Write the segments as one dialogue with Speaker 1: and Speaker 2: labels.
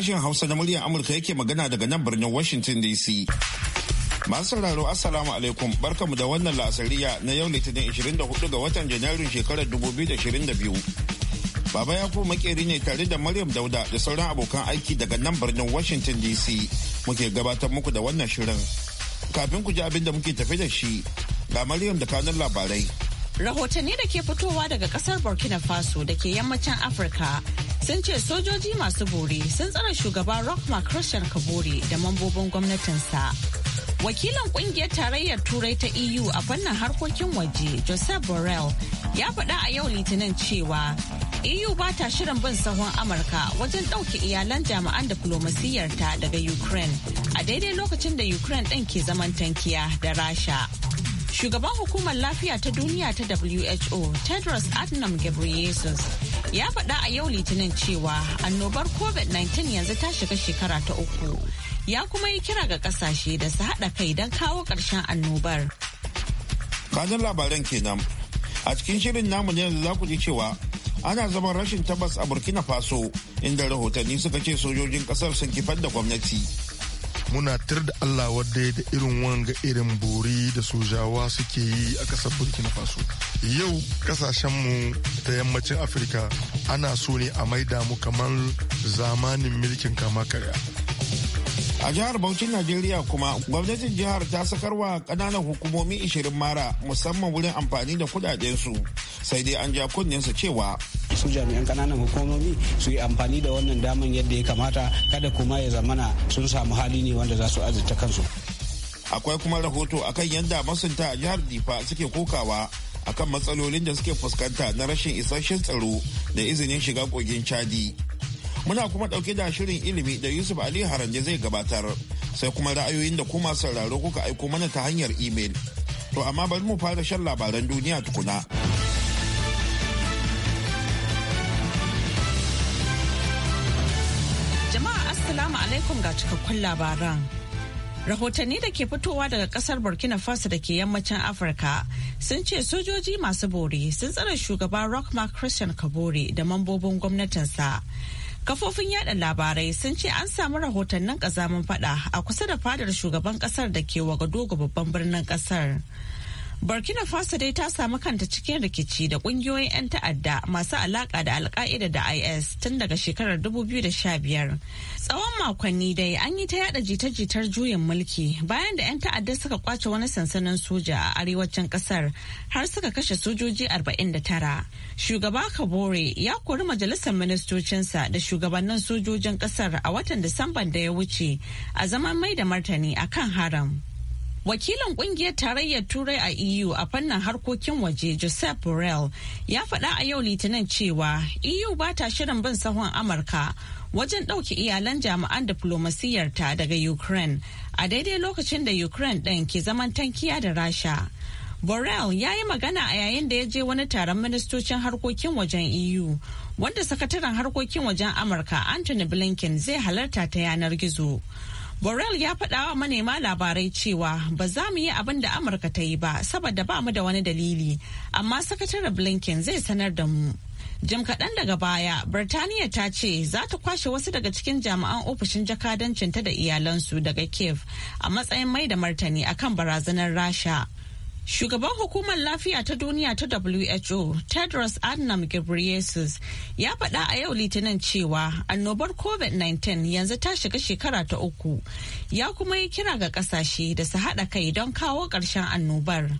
Speaker 1: sashen Hausa na muryar Amurka yake magana daga nan birnin Washington DC. Masu sauraro Assalamu alaikum barkamu da wannan lasariya na yau Litinin 24 ga watan Janairun shekarar 2022. Baba ya ku makeri ne tare da Maryam Dauda da sauran abokan aiki daga nan birnin Washington DC muke gabatar muku da wannan shirin. Kafin ku ji abin da muke tafi da shi, ga Maryam da kanun labarai.
Speaker 2: Rahotanni da ke fitowa daga kasar Burkina Faso da ke yammacin Afirka sun ce sojoji masu bore sun tsare shugaban rockmark christian kabore da mambobin gwamnatinsa wakilin kungiyar tarayyar turai ta eu a fannin harkokin waje joseph borrell ya faɗa a yau litinin cewa eu ba ta shirin bin sahun amurka wajen ɗauke iyalan jami'an ta daga ukraine a daidai lokacin da ukraine ɗin ke zaman tankiya da rasha shugaban hukumar lafiya ta duniya ta who tedros adnam ghebreyesus ya faɗa a yau litinin cewa annobar covid-19 yanzu ta shiga shekara ta uku ya kuma yi kira ga kasashe da su haɗa kai don kawo ƙarshen annobar kanin labaran kenan a cikin shirin
Speaker 1: namu ne za ku ji cewa ana zaman rashin tabbas a burkina faso inda rahotanni suka ce sojojin kasar sun kifar da gwamnati
Speaker 3: muna tir da Allah wadda da irin wanga irin bori da sojawa suke yi a kasar Burkina Faso. Yau kasashenmu ta yammacin Afirka ana so ne a maida mu kamar zamanin mulkin kama karya. A jihar Bauchin Najeriya kuma gwamnatin jihar
Speaker 1: ta sakarwa kananan hukumomi 20 mara musamman wurin amfani da su
Speaker 4: sai dai an ja kunnen su cewa su jami'an kananan hukumomi su yi amfani da wannan daman yadda ya kamata kada kuma ya zamana sun samu hali ne wanda za su azurta kansu.
Speaker 1: Akwai kuma rahoto akan yadda masunta a jihar Difa suke kokawa akan matsalolin da suke fuskanta na rashin isasshen tsaro da izinin shiga kogin Chadi. Muna kuma ɗauke da shirin ilimi da Yusuf Ali Haranje zai gabatar sai kuma ra'ayoyin da kuma sauraro kuka aiko mana ta hanyar imel. To amma bari mu fara shan labaran duniya tukuna.
Speaker 2: Jama'a Assalamu alaikum ga cikakkun labaran. Rahotanni da ke fitowa daga kasar Burkina Faso da ke yammacin Afirka sun ce sojoji masu bore sun tsara shugaban Rockmark Christian Kabore da mambobin gwamnatinsa. Kafofin yada labarai sun ce an samu rahotannin kazamin fada a kusa da fadar shugaban kasar da ke ga babban birnin kasar. Burkina Faso dai ta samu kanta cikin rikici da kungiyoyin 'yan ta'adda masu alaka da alka'ida da IS tun daga shekarar 2015. Tsawon makonni dai an yi ta yada jita-jitar juyin mulki bayan da 'yan ta'adda suka kwace wani sansanin soja a arewacin kasar har suka kashe sojoji 49. Shugaba Kabore ya kori majalisar ministocinsa da shugabannin sojojin kasar a watan Disamban da ya wuce a zaman mai da martani akan haram. wakilin kungiyar tarayyar Turai a EU a fannin harkokin waje Joseph Borrell ya faɗa a yau Litinin cewa EU ba ta shirin bin sahun Amurka wajen ɗauke iyalan jami'an ta daga Ukraine a daidai lokacin da Ukraine ɗin ke zaman tankiya da Rasha. Borrell ya yi magana a yayin da ya je wani taron ministocin harkokin wajen EU wanda sakataren harkokin wajen Amurka Anthony Blinken zai halarta ta yanar gizo. Borrell ya faɗa wa manema labarai cewa ba za mu yi abin da Amurka ta yi ba saboda ba mu da wani dalili, amma sakatare Blinken zai sanar da mu. Jim kaɗan daga baya, Birtaniya ta ce za ta kwashe wasu daga cikin jami'an ofishin jakadancinta da iyalansu daga Kiev a matsayin mai da martani akan barazanar Rasha. Shugaban hukumar lafiya ta duniya ta WHO, Tedros Adnam Ghebreyesus, ya faɗa a yau litinin cewa annobar COVID-19 yanzu ta shiga shekara ta uku, ya kuma yi kira ga ƙasashe da su haɗa kai don kawo ƙarshen annobar.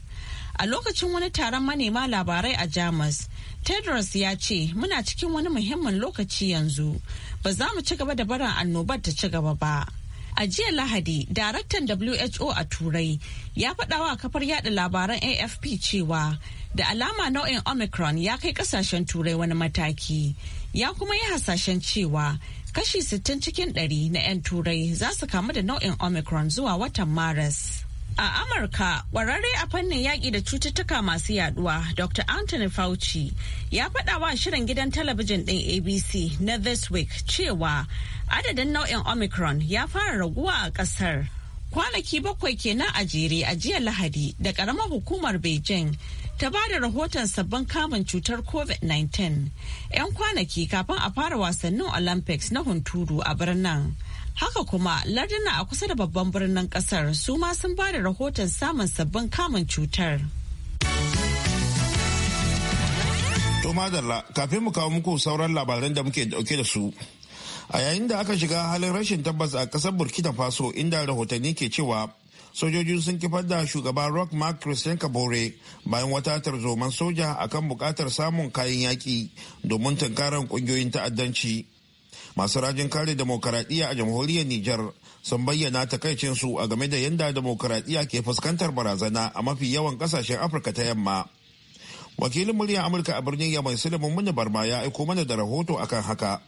Speaker 2: A lokacin wani taron manema labarai a Jamus, Tedros ya ce muna cikin wani muhimmin lokaci yanzu, ba za mu ci gaba da barin annobar ta ci gaba ba. A jiya Lahadi, daraktan WHO a Turai ya faɗawa kafar yada labaran AFP cewa da alama nau'in Omicron ya kai kasashen Turai wani mataki. Ya kuma yi hasashen cewa kashi 60 cikin 100 na 'yan Turai za su kamu da nau'in Omicron zuwa watan Maris. A Amurka, kwararre a fannin yaƙi da cututtuka masu yaduwa, Dr. Anthony Fauci ya faɗa wa shirin gidan talabijin ɗin ABC na This Week cewa adadin nau'in Omicron ya fara raguwa a ƙasar. Kwanaki bakwai kenan a jere a jiya Lahadi da ƙaramar hukumar Beijing ta ba da rahoton sabbin kamun cutar COVID-19 'yan kwanaki kafin a fara wasannin Olympics na hunturu a birnin. Haka kuma larduna a kusa da babban birnin kasar su ma sun ba da rahoton samun sabbin kamun cutar.
Speaker 1: To madalla kafin mu kawo muku sauran labaran da muke dauke da su. A yayin da aka shiga halin rashin tabbas a kasar Burkina Faso inda rahotanni ke cewa sojoji sun kifar da shugaban rock mark christian kabore bayan wata tarzoman soja akan bukatar samun kayan yaƙi domin tunkarar ƙungiyoyin ta'addanci masu rajin kare demokaradiyya a jamhuriyar Nijar sun bayyana takaicinsu a game da yadda demokaradiyya ke fuskantar barazana a mafi yawan kasashen Afirka ta yamma. Wakilin muryar Amurka a birnin Yamai Suleiman Muni Barma ya aiko mana da rahoto akan haka.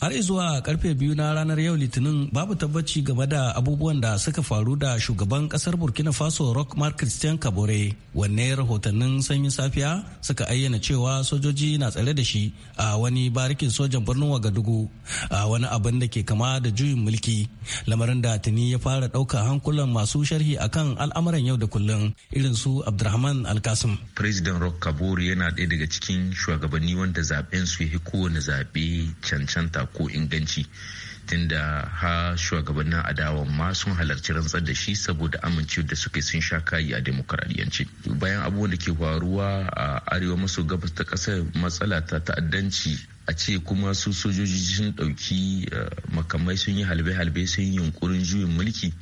Speaker 5: har zuwa karfe biyu na ranar yau litinin babu tabbaci game da abubuwan da suka faru da shugaban kasar burkina faso rock mark christian kabore wanne rahotannin sanyin safiya suka ayyana cewa sojoji na tsare da shi a wani barikin sojan birnin wagadugu a wani abin da ke kama da juyin mulki lamarin da tuni ya fara ɗauka hankulan masu sharhi akan al'amuran yau da kullum irin su abdurrahman alkasim
Speaker 6: president rock kabore yana daya daga cikin shugabanni wanda zaben su ya kowane zaɓe cancanta ko inganci tunda ha shugabannin adawa ma sun halarci rantsar da shi saboda amincewa da suke sun sha kayi a demokaradiyanci bayan abubuwan da ke faruwa a arewa maso gabas ta kasar matsala ta ta'addanci a ce kuma su sojoji sun ɗauki eh, makamai sun yi halbe-halbe sun yi yunkurin juyin mulki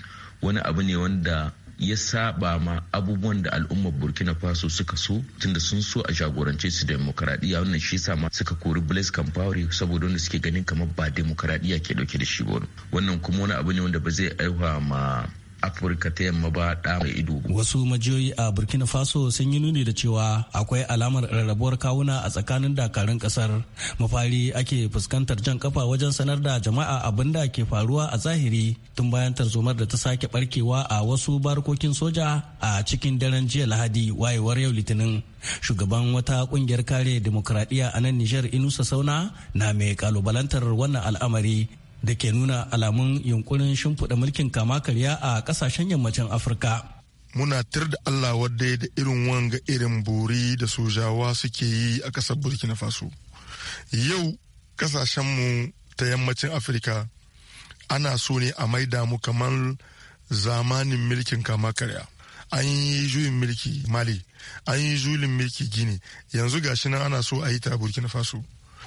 Speaker 6: wani abu ne wanda ya saba ma abubuwan da al'ummar burkina faso suka so tunda sun so a jagorance su demokaradiyya wannan shi sa ma suka kori blaise compaore saboda wanda suke ganin kamar ba demokaradiyya ke dauke da shi ba wannan kuma wani abu ne wanda ba zai aiwa ma afirka ta yamma ba da mai ido wasu
Speaker 5: majiyoyi a burkina faso sun yi nuni da cewa akwai alamar rarrabuwar kawuna a tsakanin dakarun kasar mafari ake fuskantar jan kafa wajen sanar da jama'a abin da ke faruwa a zahiri tun bayan tarzomar da ta sake barkewa a wasu barkokin soja a cikin daren jiya lahadi wayewar yau litinin shugaban wata kungiyar kare demokradiyya a nan nijar inusa sauna na mai kalubalantar wannan al'amari da ke nuna alamun yunkurin shimfiɗa mulkin kama karya a ƙasashen yammacin afirka
Speaker 3: muna tir da allah wadda da irin wanga irin buri da sojawa suke yi a ƙasar burkina faso yau ƙasashenmu ta yammacin afirka ana so ne a maida mu kamar zamanin mulkin kama karya an yi juyin mulki mali an yi juyin mulki gini yanzu gashi nan ana so a yi ta burkina faso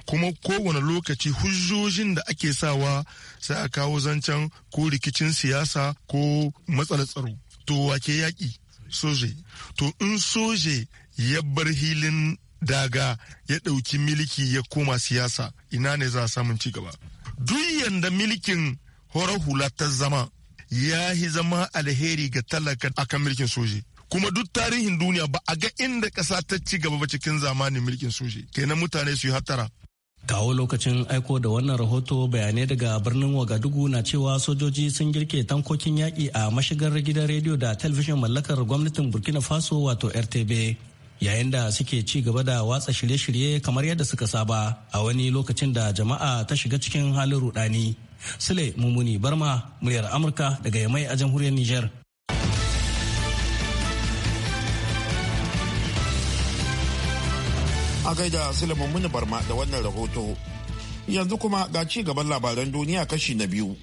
Speaker 3: kuma kowane lokaci hujjojin da ake sawa sai a kawo zancen ko rikicin siyasa ko matsala tsaro to wake yaƙi soje to in soje ya bar hilin daga ya ɗauki miliki ya koma siyasa ina ne za a samun ci gaba duk yanda milikin horar hula ta zama ya yi zama alheri ga talaka akan milikin soje kuma duk tarihin duniya ba a ga inda ƙasa ta ci gaba ba cikin zamanin milikin soje kenan mutane su yi hatara
Speaker 5: kawo lokacin aiko da wannan rahoto bayanai daga birnin wagadugu na cewa sojoji sun girke tankokin yaƙi a mashigar gidan rediyo da talabijin mallakar gwamnatin burkina faso wato rtb yayin da suke ci gaba da watsa shirye-shirye kamar yadda suka saba a wani lokacin da jama'a ta shiga cikin halin rudani sule mummuni barma muryar amurka daga yamai a jamhuriyar Nijar.
Speaker 1: A gaida Sulaiman Muni Barma da wannan rahoto. Yanzu kuma ga ci gaban labaran duniya kashi na biyu.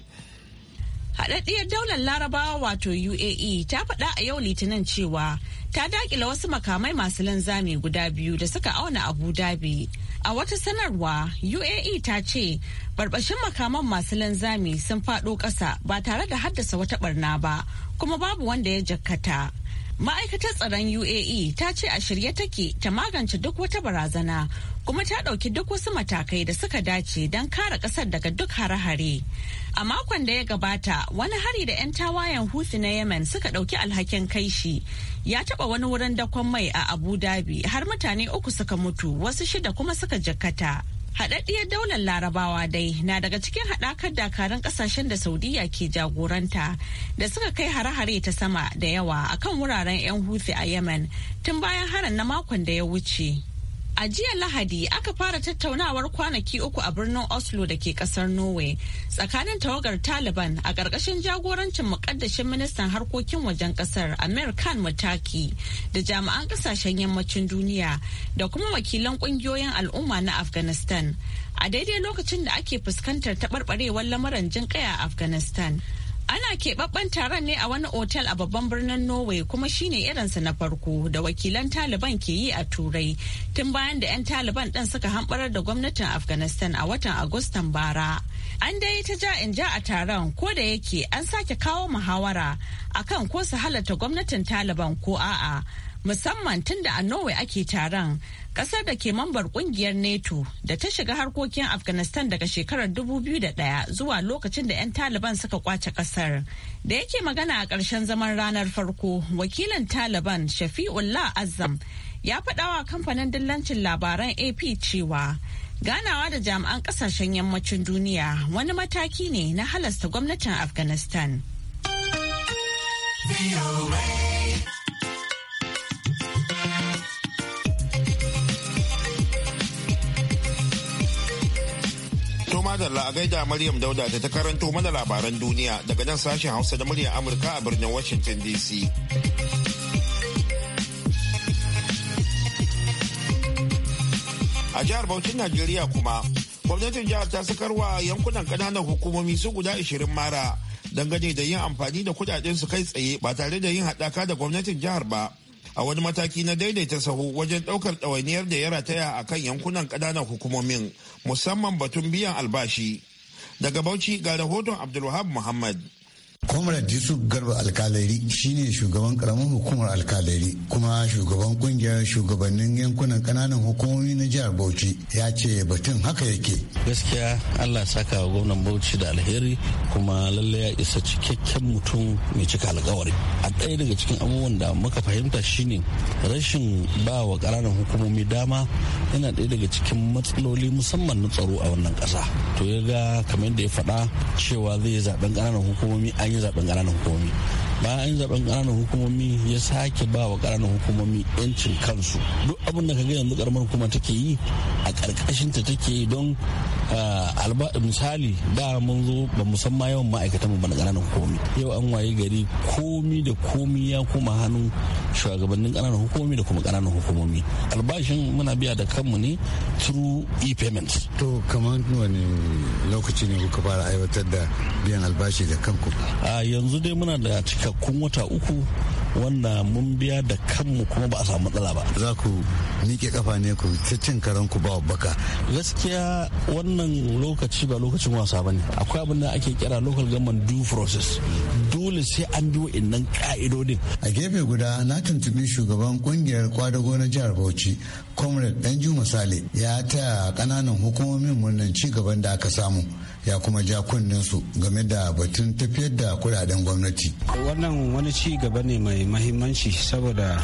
Speaker 2: Haɗaɗɗiyar daular larabawa wato UAE ta faɗa a yau litinin cewa ta daƙila wasu makamai masu linzami guda biyu da suka auna Abu Dhabi. A wata sanarwa UAE ta ce barbashin makaman masu linzami sun faɗo ƙasa ba tare da haddasa wata barna ba kuma babu wanda ya jakkata. Ma'aikatar tsaron UAE ta ce a shirye take ta magance duk wata barazana kuma ta ɗauki duk wasu matakai da suka dace don kare ƙasar daga duk hare-hare. A makon da ya gabata wani hari da 'yan tawayen Houthi na Yemen suka ɗauki alhakin kai shi ya taɓa wani wurin dakon mai a Abu Dhabi har mutane uku suka mutu wasu shida kuma suka jikkata. Haɗaɗɗiyar daular larabawa dai na daga cikin haɗakar dakarun ƙasashen da Saudiya ke jagoranta da suka kai hare-hare ta sama da yawa akan wuraren 'yan Houthi a Yemen tun bayan harin na makon da ya wuce. A jiya Lahadi aka fara tattaunawar kwanaki uku a birnin Oslo da ke kasar Norway tsakanin tawagar Taliban a ƙarƙashin jagorancin muƙaddashin ministan harkokin wajen ƙasar Amir Khan Mutaki da jami'an ƙasashen yammacin duniya da kuma wakilan ƙungiyoyin al'umma na Afghanistan a daidai lokacin da ake fuskantar taɓarɓarewar lamarin jin a Afghanistan. Ana keɓaɓɓen taron ne a wani otel a babban birnin Norway kuma shine irinsa na farko da wakilan Taliban ke yi a Turai tun bayan da 'yan Taliban ɗin suka hamɓarar da gwamnatin Afghanistan a watan Agustan bara. An dai ta ja in ja a taron ko da yake an sake kawo muhawara akan ko su halatta gwamnatin Taliban ko a'a. musamman tun da a Norway ake taron kasar da ke mambar kungiyar NATO da ta shiga harkokin Afghanistan daga shekarar 2001 zuwa lokacin da 'yan Taliban suka kwace kasar. Da yake magana a ƙarshen zaman ranar farko, wakilin Taliban Shafi'ullah Azam ya faɗawa kamfanin dillancin labaran AP cewa ganawa da jami'an ƙasashen yammacin duniya wani mataki ne na halasta gwamnatin Afghanistan.
Speaker 1: madalla a gaida Maryam Dauda da ta karanto mana labaran duniya daga nan sashen Hausa da muryar Amurka a birnin Washington DC. A jihar Bauchin Najeriya kuma, gwamnatin jihar ta sakarwa yankunan kananan hukumomi su guda 20 mara dangane da yin amfani da kudaden su kai tsaye ba tare da yin haɗaka da gwamnatin jihar ba. a wani mataki na daidaita sahu wajen ɗaukar ɗawainiyar da ya rataya a kan yankunan ƙananan hukumomin musamman batun biyan albashi daga bauchi ga rahoton abdulwahab muhammad Comrade Yusuf Garba Alkalari shine
Speaker 4: shugaban karamin hukumar alkalari kuma shugaban kungiyar shugabannin yankunan kananan hukumomi
Speaker 7: na jihar Bauchi ya ce batun haka yake. Gaskiya Allah saka wa gwamnan Bauchi da alheri kuma lalle ya isa cikakken mutum mai cika alkawari. A ɗaya daga cikin abubuwan da muka fahimta shine rashin ba wa ƙananan hukumomi dama yana ɗaya daga cikin matsaloli musamman na tsaro a wannan ƙasa. To ya ga kamar yadda ya faɗa cewa zai zaɓen kananan hukumomi an an yi zaben ƙananan hukumomi bayan an yi zaben ƙananan hukumomi ya sake ba wa ƙananan hukumomi yancin kansu duk abin da ka ga yanzu ƙaramar hukuma take yi a ƙarƙashin ta take yi don ah, misali da mun zo ba musamman yawan ma'aikatan mu ba na ƙananan hukumomi yau an waye gari komi da komi ya koma hannun shugabannin ƙananan hukumomi da kuma kananan hukumomi albashin muna biya da kanmu ne through e-payments to kamar wani lokaci ne kuka fara aiwatar da biyan albashi da kanku a yanzu dai muna da cikakkun wata uku wannan mun biya da kanmu kuma ba a samu matsala ba za ku miƙe kafa ne ku ta cin karan ku ba baka gaskiya wannan lokaci ba lokacin wasa ba ne. akwai abin da ake kira local government due process dole sai an bi wa'annan ka'idodin a gefe guda na tuntubi shugaban ƙungiyar kwadago na jihar Bauchi comrade danju misali
Speaker 4: ya taya kananan hukumomin murnan ci gaban da aka samu ya kuma ja su game da batun tafiyar da kudaden gwamnati wannan wani ci gaba ne mai mahimmanci saboda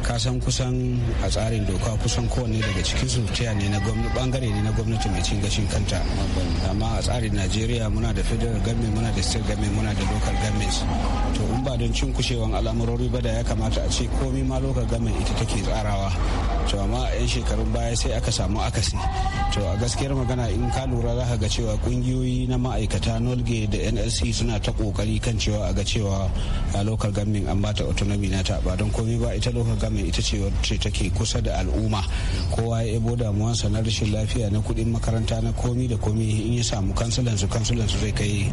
Speaker 4: kasan kusan a tsarin doka kusan kowanne daga cikin su ne na gwamnati bangare ne na gwamnati mai cin gashin kanta amma a tsarin najeriya muna da federal government muna da state government muna da local governments to in ba don cin kushewan al'amurori ba da ya kamata a ce komi ma local government ita take tsarawa to amma a yan shekarun baya sai aka samu akasi to a gaskiyar magana in ka lura za ga cewa kungiyoyi na ma'aikata nolge da nlc suna ta kokari kan cewa a ga cewa local government an bata autonomy na ta ba don komi ba ita local mai ita ce wacce take kusa da al'umma kowa ya ebo damuwansa na rashin lafiya na kudin makaranta na komi da komi in ya samu kansulan su su zai kai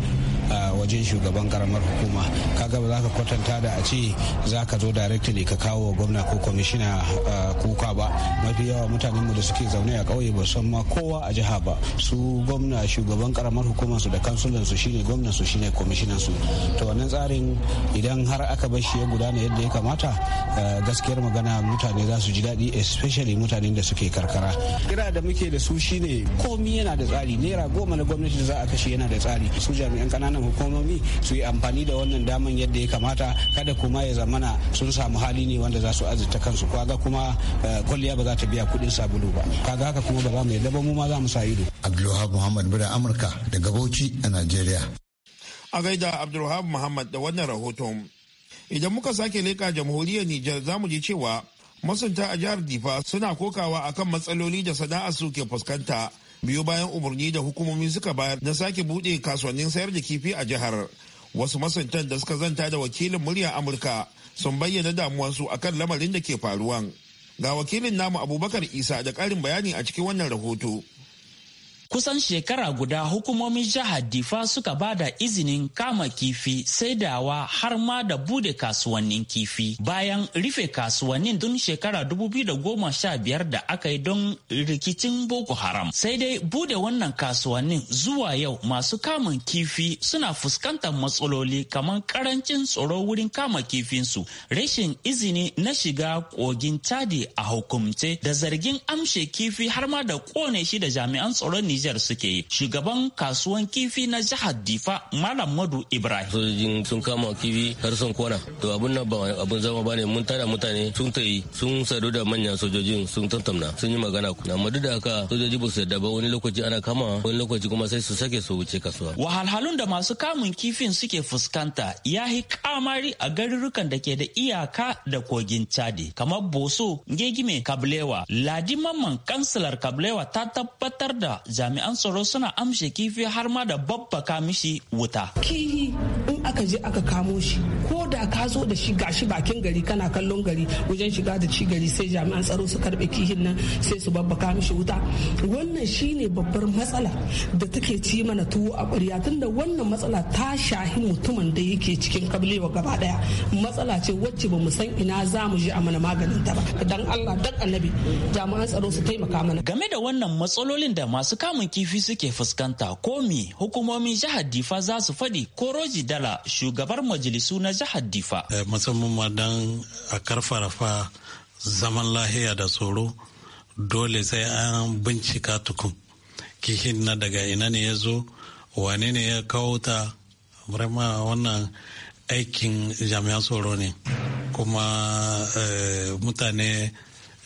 Speaker 4: wajen shugaban karamar hukuma kaga ba za ka kwatanta da a ce za ka zo directly ka kawo gwamna ko kwamishina kuka ba mafi yawa mutanen mu da suke zaune a kauye ba san ma kowa a jiha ba su gwamna shugaban karamar hukumar su da kansulan su shine gwamnan su shine kwamishinan su to wannan tsarin idan har aka bar shi ya gudana yadda ya kamata eh, gaskiyar magana mutane za su ji daɗi especially mutanen da suke karkara kira da muke da su shine komi yana da tsari naira goma na gwamnati za a kashe yana da tsari su jami'an kananan hukumomi su yi amfani da wannan daman yadda ya kamata kada kuma ya zamana sun samu hali ne wanda za su azurta kansu kwaga kuma eh, kwalliya ba za ta biya kuɗin sabulu ba kaga haka kuma ba za mu yadda ba mu ma za mu sa ido abdulwahab muhammad bira amurka daga bauchi a nigeria.
Speaker 1: a gaida abdulwahab muhammad da wannan rahoton idan muka sake leka jamhuriyar nijar za mu ji cewa masunta a jihar difa suna kokawa akan matsaloli da sana'a su ke fuskanta biyu bayan umarni da hukumomi suka bayar na sake bude kasuwannin sayar da kifi a jihar wasu masuntan da suka zanta da wakilin murya amurka sun bayyana damuwarsu akan lamarin da ke faruwan Ga wakilin namu Abubakar Isa da ƙarin
Speaker 6: bayani a cikin wannan rahoto. kusan shekara guda hukumomin jihar difa suka ba da izinin kama kifi sai saidawa har ma da bude kasuwannin kifi bayan rufe kasuwannin tun shekara 2015 da aka yi don rikicin boko haram sai dai bude wannan kasuwannin zuwa yau masu kama kifi suna fuskantar matsaloli kamar karancin tsoro wurin kama kifinsu rashin izini na shiga kogin tadi a hukumce da zargin amshe kifi har ma da kone shi da jami'an tsaron Nijar suke yi. Shugaban kasuwan kifi na jihar Difa Malam Madu Ibrahim. sojojin sun kama kifi har sun kona. To abun nan ba abun zama bane mun tara mutane sun tayi sun sadu da manyan sojojin sun tantamna sun yi magana ku. Amma duk da haka sojoji ba su yadda ba wani lokaci ana kama wani lokaci kuma sai su sake su wuce kasuwa. Wahalhalun da masu kamun kifin suke fuskanta ya yi kamari a garurukan da ke da iyaka da kogin Chadi kamar Boso, Ngegime, Kablewa. Ladi Mamman kansilar Kablewa ta tabbatar da jami'an tsaro suna amshe kifi har ma da babbaka mishi wuta. Kihi in aka je aka kamo shi ko da ka zo da shi gashi bakin gari kana kallon gari wajen shiga da ci gari sai jami'an tsaro su karbe kihin nan sai su babbaka mishi wuta. Wannan shine babbar matsala da take ci mana tuwo a ƙwarya tunda wannan matsala ta shahi mutumin da yake cikin kablewa gaba daya matsala ce wacce ba mu san ina za mu je a mana maganin ta ba. Dan Allah dan annabi jami'an tsaro su taimaka mana. Game da wannan matsalolin da masu kama kamun kifi suke fuskanta komi hukumomin jihar difa za su faɗi ko roji dala shugabar majalisu na jihar difa eh, musamman ma
Speaker 7: dan a karfarafa zaman lahiya da tsoro dole sai an bincika tukun kihin na daga ina ne ya zo wane ne ya kawo ta wannan aikin jami'an tsoro ne kuma eh, mutane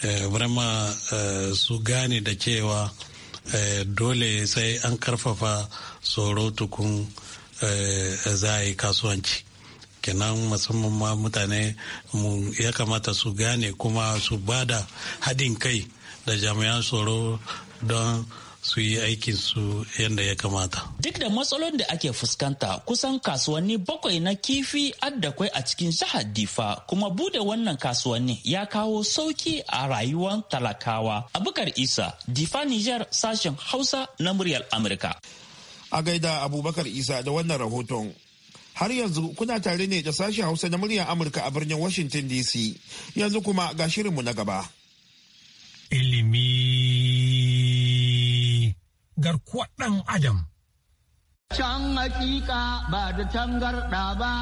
Speaker 7: eh, rama su gane da cewa Eh, dole sai an karfafa tsoro tukun eh, za a yi kasuwanci kenan musamman ma mutane ya kamata su gane kuma su bada haɗin kai da jami'an tsoro don su
Speaker 6: yi aikin su yadda ya kamata. Duk da matsalolin da ake fuskanta kusan kasuwanni bakwai na kifi addakwai a cikin jihar Difa kuma bude wannan kasuwanni ya kawo sauki a rayuwar talakawa. Abubakar Isa, Difa Niger sashen Hausa na muryar Amurka. A gaida Abubakar
Speaker 1: Isa da wannan rahoton. Har yanzu kuna tare ne da sashen Hausa na muryar Amurka a birnin Washington DC. Yanzu kuma ga shirinmu na gaba.
Speaker 8: garkuwar ɗan adam.
Speaker 5: Can hakika ba da tangarɗa ba,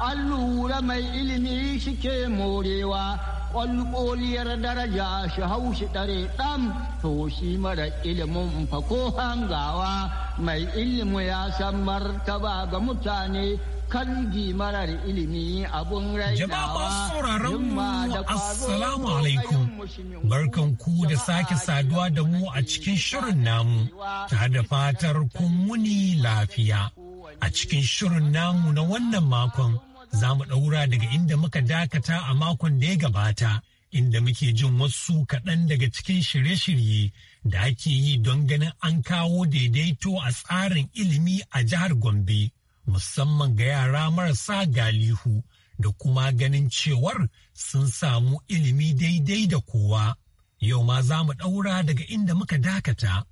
Speaker 5: an lura mai ilimi shike morewa, ƙwalƙoliyar daraja shi hau shi ɗare ɗan, to shi mara ilimin fako hangawa, mai ilimi ya san martaba ga mutane kangi ilimi abun jama'a sauraron mu assalamu alaikum
Speaker 8: barkan ku da sake saduwa da mu a cikin shirin namu ta da fatar kun muni lafiya a cikin shirin namu na wannan makon za mu ɗaura daga inda muka dakata a makon da ya gabata inda muke jin wasu kaɗan daga cikin shirye-shirye da ake yi don ganin an kawo daidaito a tsarin ilimi a jihar Gombe musamman ga yara marasa galihu da kuma ganin cewar sun samu ilimi daidai da kowa. Yau ma za mu ɗaura daga inda muka dakata.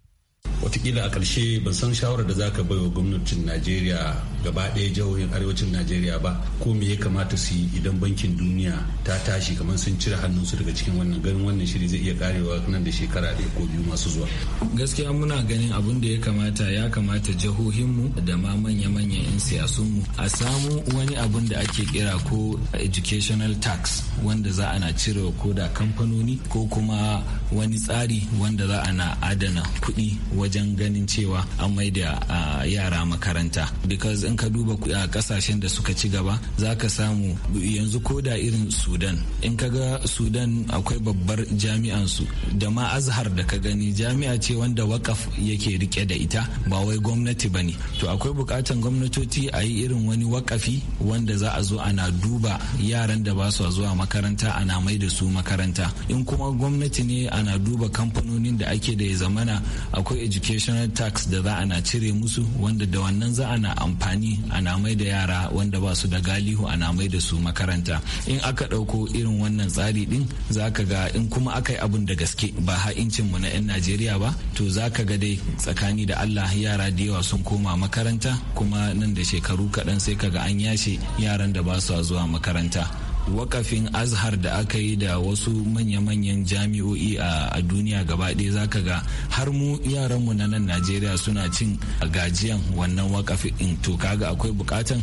Speaker 7: watakila a ƙarshe ban san shawarar da za ka baiwa gwamnatin najeriya gaba ɗaya jihohin arewacin najeriya ba ko me ya kamata su yi idan bankin duniya ta tashi kamar sun cire hannun su daga cikin wannan ganin wannan shiri zai iya karewa nan da shekara ɗaya ko biyu masu zuwa
Speaker 9: gaskiya muna ganin abun da ya kamata ya kamata jihohinmu da ma manya-manyan 'yan siyasunmu a samu wani abun da ake kira ko educational tax wanda za ana cirewa ko da kamfanoni ko kuma wani tsari wanda za a na adana kuɗi wajen wajen ganin cewa an maida yara makaranta because in ka duba a kasashen da suka ci gaba za ka samu yanzu ko da irin sudan in ka ga sudan akwai babbar jami'ansu da ma azhar da ka gani jami'a ce wanda wakaf yake rike da ita ba wai gwamnati ba ne to akwai bukatan gwamnatoci a yi irin wani wakafi wanda za a zo ana duba yaran da ba su zuwa makaranta ana mai da su makaranta in kuma gwamnati ne ana duba kamfanonin da ake da ya zamana akwai educational tax da za na cire musu wanda da wannan za ana amfani ana mai da yara wanda ba su da galihu ana mai da su makaranta in aka ɗauko irin wannan tsari din za ka ga in kuma aka yi abin da gaske ba ha'incin mu na 'yan najeriya ba to za ka ga dai tsakani da allah yara da yawa sun koma makaranta kuma nan da shekaru kaɗan sai ka ga an yashe yaran da ba su zuwa makaranta wakafin azhar da aka yi da wasu manya-manyan jami'o'i a duniya gaba ɗaya za ka ga har mu yaranmu na nan najeriya suna cin gajiyan wannan wakafin to kaga akwai bukatan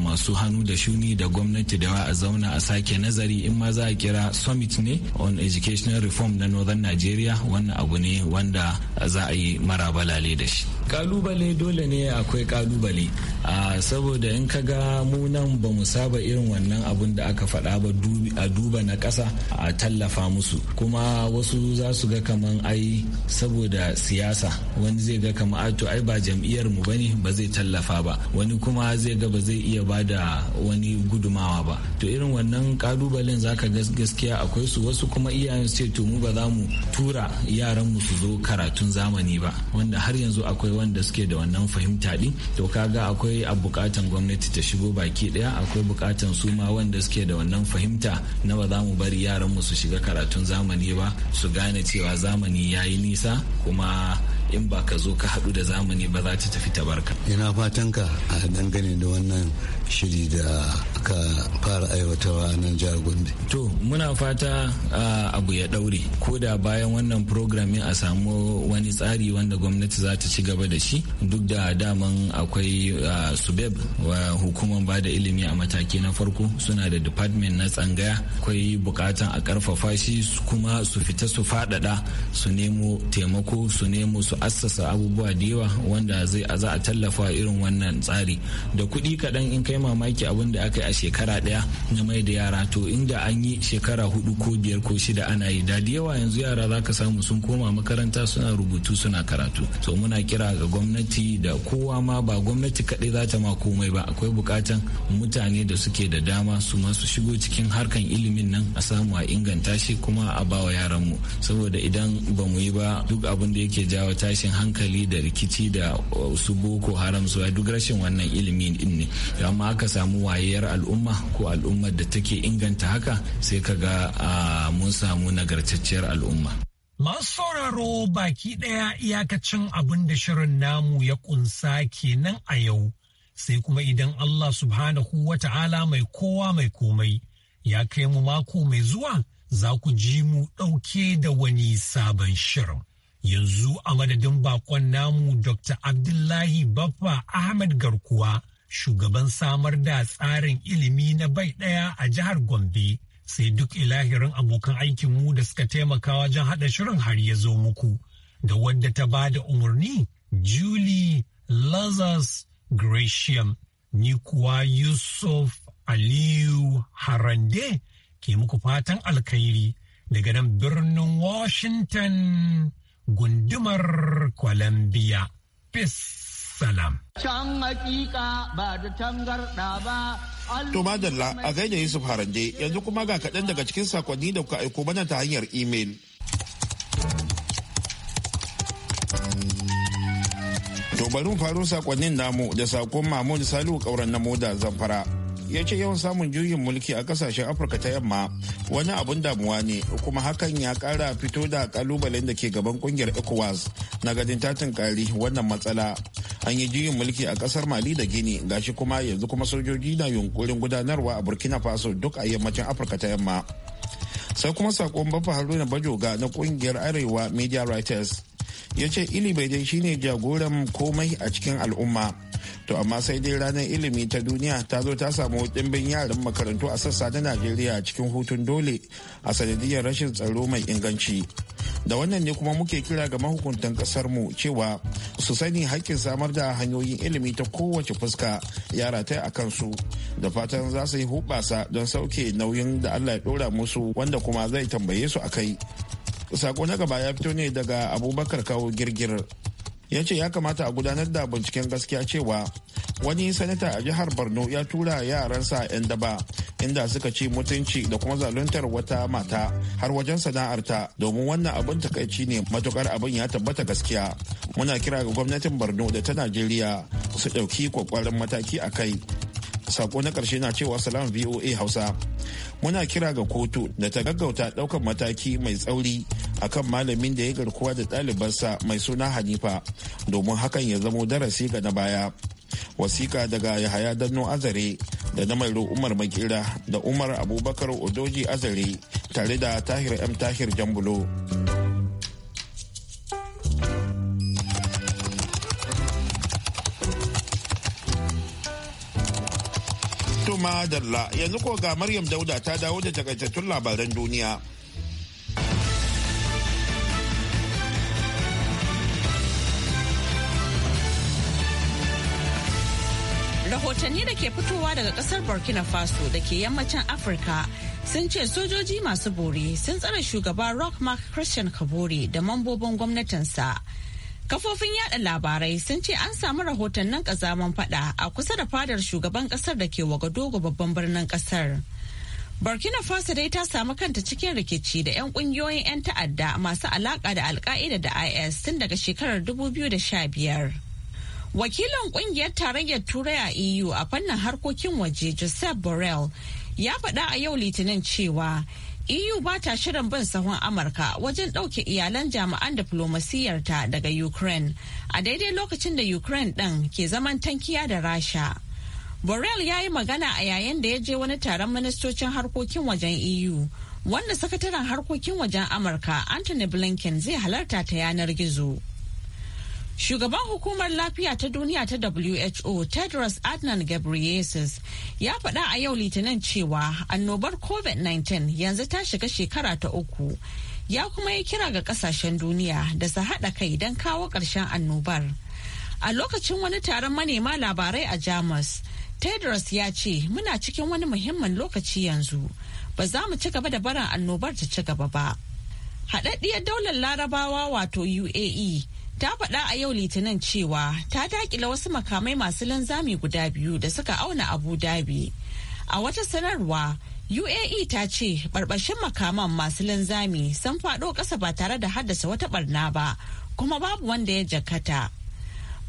Speaker 9: masu hannu da shuni da gwamnati da a zauna a sake nazari in ma za a kira summit ne on educational reform na northern nigeria wannan abu ne wanda za a yi marabalale da shi kalubale dole ne akwai kalubale saboda in ka ga mu nan ba mu saba irin wannan abun da aka faɗa ba dubi a duba na ƙasa a tallafa musu kuma wasu za su ga kaman ai saboda siyasa wani zai ga kaman ato ai ba jam'iyyar mu bane ba zai tallafa ba wani kuma zai ga ba zai iya bada wani gudumawa ba to irin wannan kalubalen zaka gaskiya akwai su wasu kuma iyayen su ce to mu ba za mu tura yaran mu su zo karatun zamani ba wanda har yanzu akwai wanda suke da wannan fahimta din to kaga akwai a bukatan gwamnati ta shigo baki daya akwai bukatan su ma wanda suke da wannan fahimta na ba za mu bari yaran mu su shiga karatun zamani ba su gane cewa zamani ya yi nisa kuma in ba ka zo ka haɗu da zamani ba za ta tafi tabarka.
Speaker 7: Ina fatan ka a dangane da wannan shiri da aka fara aiwatarwa nan jihar
Speaker 9: Gombe. To muna fata abu ya ɗaure ko da bayan wannan programin a samu wani tsari wanda gwamnati za ta ci gaba da shi duk da daman akwai subeb wa hukumar ba da ilimi a mataki na farko suna da department na tsangaya akwai bukatan a karfafa shi kuma su fita su faɗaɗa su nemo taimako su nemo su assasa abubuwa da yawa wanda zai a za a tallafa irin wannan tsari da kuɗi kaɗan in kai mamaki abin da aka yi a shekara ɗaya na mai da yara to inda an yi shekara hudu ko biyar ko shida ana yi da da yawa yanzu yara za ka samu sun koma makaranta suna rubutu suna karatu to muna kira ga gwamnati da kowa ma ba gwamnati kaɗai za ta ma komai ba akwai bukatan mutane da suke da dama su ma su shigo cikin harkan ilimin nan a samu a inganta shi kuma a bawa yaranmu saboda idan ba mu yi ba duk abin da yake jawo ta tashin hankali da rikici da uh, su boko haram su duk rashin wannan ilimi din ne amma aka samu wayayar al'umma ko al'ummar da take inganta haka sai ka ga uh, mun samu nagartacciyar al'umma
Speaker 8: Masu sauraro baki ɗaya iyakacin abin da shirin namu ya ƙunsa kenan a yau, sai kuma idan Allah subhanahu wa ta'ala mai kowa mai komai ya kai mu mako mai zuwa za ku ji mu ɗauke da wani sabon shirin. yanzu a madadin bakon namu dr abdullahi baffa ahmed garkuwa shugaban samar da tsarin ilimi na bai ɗaya a jihar gombe sai duk ilahirin abokan aikinmu da suka taimaka wajen haɗa shirin har ya zo muku da wadda ta ba da umarni julie lazarus gratiam ni kuwa yusuf aliyu harande ke muku fatan alkhairi daga nan birnin washington gundumar Columbia. Peace salam.
Speaker 5: Can hakika
Speaker 6: ba da tangarda ba. To madalla a gaida
Speaker 1: Yusuf Harande yanzu kuma ga kaɗan daga cikin sakonni da kuka aiko mana ta hanyar imel. To bari mu faro sakonnin namu da sakon Mamun Salihu kauran na moda zamfara. ya ce yawan samun juyin mulki a kasashen afirka ta yamma wani abun damuwa ne kuma hakan ya kara fito da kalubalen da ke gaban kungiyar ecowas na gadin tatin kari wannan matsala an yi juyin mulki a kasar mali da gini gashi kuma yanzu kuma sojoji na yunkurin gudanarwa a burkina faso duk a yammacin afirka ta yamma sai kuma sakon bafa haruna bajoga na kungiyar arewa media writers ya ce ilimi dai shine jagoran komai a cikin al'umma to amma sai dai ranar ilimi ta duniya ta zo ta samu dimbin yaran makarantu a sassa na najeriya cikin hutun dole a sanadiyar rashin tsaro mai inganci da wannan ne kuma muke kira ga mahukuntan mu cewa su sani hakkin samar da hanyoyin ilimi ta kowace fuska yara ta a kansu da fatan za su yi hubasa don sauke nauyin da allah ya ɗora musu wanda kuma zai tambaye su a kai sako na gaba ya fito ne daga abubakar kawo girgir ya ce ya kamata a gudanar da binciken gaskiya cewa wani sanata a jihar borno ya tura yaransa 'yan daba inda suka ci mutunci da kuma zaluntar wata mata har wajen sana'arta domin wannan abin takaici ne matukar abin ya tabbata gaskiya muna kira ga gwamnatin borno da ta najeriya su ɗauki kwakwaran mataki a kai sako na karshe na cewa salam voa hausa muna kira ga kotu da ta gaggauta daukan mataki mai tsauri akan malamin da ya garkuwa da ɗalibansa mai suna hanifa domin hakan ya zamo darasi ga na baya wasika daga yahaya danno azare da na mairo umar makira da umar abubakar odoji azare tare da tahir m tahir jambulo To madalla yanzu ko ga Maryam Dauda ta dawo da takaitattun labaran duniya.
Speaker 2: rahotanni da ke fitowa daga kasar burkina faso da ke yammacin afirka sun ce sojoji masu bore sun tsara shugaba rock mark christian kabore da mambobin gwamnatinsa Kafofin yada labarai sun ce an samu rahotannin kazaman fada a kusa da fadar shugaban kasar da ke Wagadogo babban birnin kasar. Burkina Faso dai ta samu kanta cikin rikici da 'yan kungiyoyin 'yan ta'adda masu alaka da alka'ida da IS tun daga shekarar 2015. Wakilin kungiyar tarayyar Turai a EU a fannin harkokin waje Joseph Borrell ya faɗa a yau litinin cewa EU ba ta shirin bin sahun Amurka wajen ɗauke iyalan jami'an diflomasiyarta daga Ukraine a daidai lokacin da Ukraine ɗin ke zaman tankiya da Rasha. Borrell ya yi magana a yayin da ya je wani taron ministocin harkokin wajen EU wanda sakataren harkokin wajen Amurka Anthony Blinken zai halarta ta yanar gizo. Shugaban hukumar lafiya ta duniya ta WHO Tedros Adnan Ghebreyesus ya faɗa a yau litinin cewa annobar COVID-19 yanzu ta shiga shekara ta uku. Ya kuma yi kira ga kasashen duniya da su haɗa kai don kawo ƙarshen annobar. A lokacin wani taron manema labarai a Jamus, Tedros ya ce muna cikin wani muhimmin lokaci yanzu. Ba za mu ci gaba da barin annobar ta ci gaba ba. Haɗaɗɗiyar daular larabawa wato UAE ta faɗa a yau litinin cewa ta dakila wasu makamai masu linzami guda biyu da suka auna abu dhabi a wata sanarwa uae ta ce barbashin makaman masu linzami sun faɗo ƙasa ba tare da haddasa wata barna ba kuma babu wanda ya jakata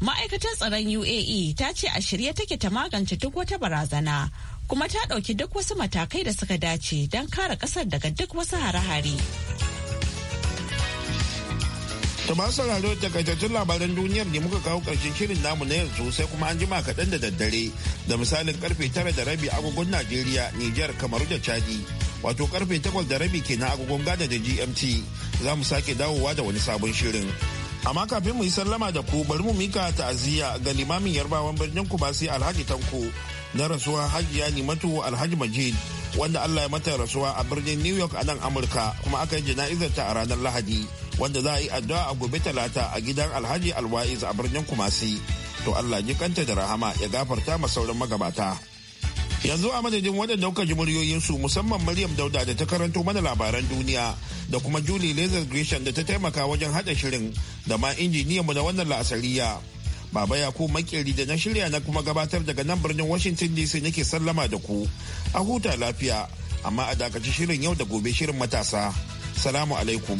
Speaker 2: ma'aikatar tsaron uae ta ce a shirye take ta magance duk wata barazana kuma ta ɗauki duk wasu matakai da suka dace don kare ƙasar daga duk wasu hare-hare.
Speaker 3: To ba
Speaker 1: sauraro takaitattun labaran duniyar ne muka kawo ƙarshen shirin namu na yanzu sai kuma an jima kaɗan da daddare da misalin karfe tara da rabi agogon Najeriya, Nijar, Kamaru da Chadi. Wato karfe takwas da rabi kenan agogon gada da GMT za mu sake dawowa da wani sabon shirin. Amma kafin mu yi sallama da ku bari mu mika ta'aziyya ga limamin yarbawan birnin Kumasi Alhaji Tanko na rasuwar Hajiya Nimatu Alhaji Majid. wanda Allah ya mata rasuwa a birnin New York a nan Amurka kuma aka yi jana'izar ta a ranar Lahadi wanda za a yi addu'a a gobe talata a gidan Alhaji Alwa'iz a birnin Kumasi. To Allah ji kanta da rahama ya gafarta ma sauran magabata. Yanzu a madadin wanda kuka ji muryoyinsu musamman Maryam Dauda da ta karanto mana labaran duniya da kuma Julie Lazar Gresham da ta taimaka wajen haɗa shirin da ma mu na wannan la'asariya. Baba Yakubu makeri da na shirya na kuma gabatar daga nan birnin Washington DC nake sallama da ku. A huta lafiya, amma a dakaci shirin yau da gobe shirin matasa. Salamu alaikum.